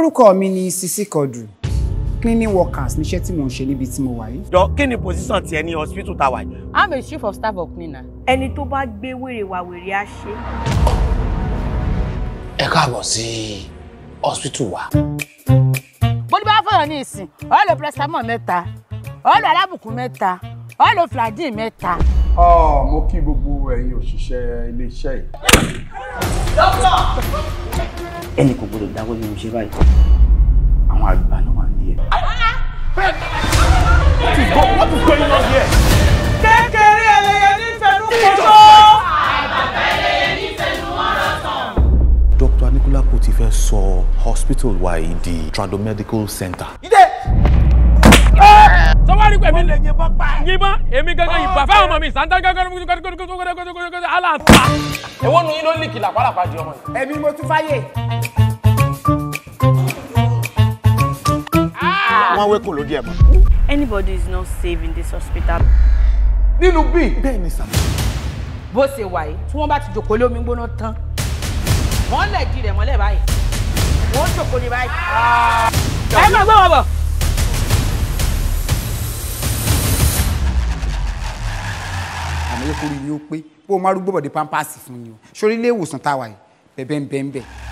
orúkọ mi ni Sisi Quadri cleaning workers níṣẹ́ tí mò ń ṣe níbi tí mo wà yìí. jọ kí ni position tiẹ̀ ní hospital tá wà yìí. i'm a chief of staff of cleaner. ẹni tó bá gbé wèrè wá wèrè á ṣe. ẹ káàbọ̀ sí hospital wa. mo ní bá fọyọ ní ìsìn ọ lo paracetamol mẹ́ta ọ lo alábùkún mẹ́ta ọ lo flagyl mẹ́ta. ọ̀ọ́ oh kí gbogbo ẹ̀yin òṣìṣẹ́ iléeṣẹ́ yìí. dókítà. ẹnì kò gbọdọ̀ dáwọ́ nínú iṣẹ́ báyìí àwọn àgbà náà wà nílé. What is going, what is going on here? kékeré ẹlẹ́yẹ nífẹ̀ẹ́ ló kọjọ́. àbàbà ẹlẹ́yẹ nífẹ̀ẹ́ ló wọ́n rọ̀ Dr. Anikulapo ti fẹ́ sọ hospital wa yìí di Trado Medical Center. Ah! anybody is not safe in this hospital. nínú bíi bẹ́ẹ̀ ni sàmì. bó ṣe wà yìí tí wọ́n bá ti jòkó lómi gbóná tán wọ́n lẹ̀ di rẹ̀ mọ́lẹ̀ báyìí wọ́n jòkó ní báyìí. Ah! ẹ máa gbé wọn bọ̀. àmọ́ yẹ kó rí ni ó pé bó o má rúgbó pampasì fún ni o sórí ilé ìwòsàn táwa yìí bẹ̀bẹ̀ ń bẹ̀ ń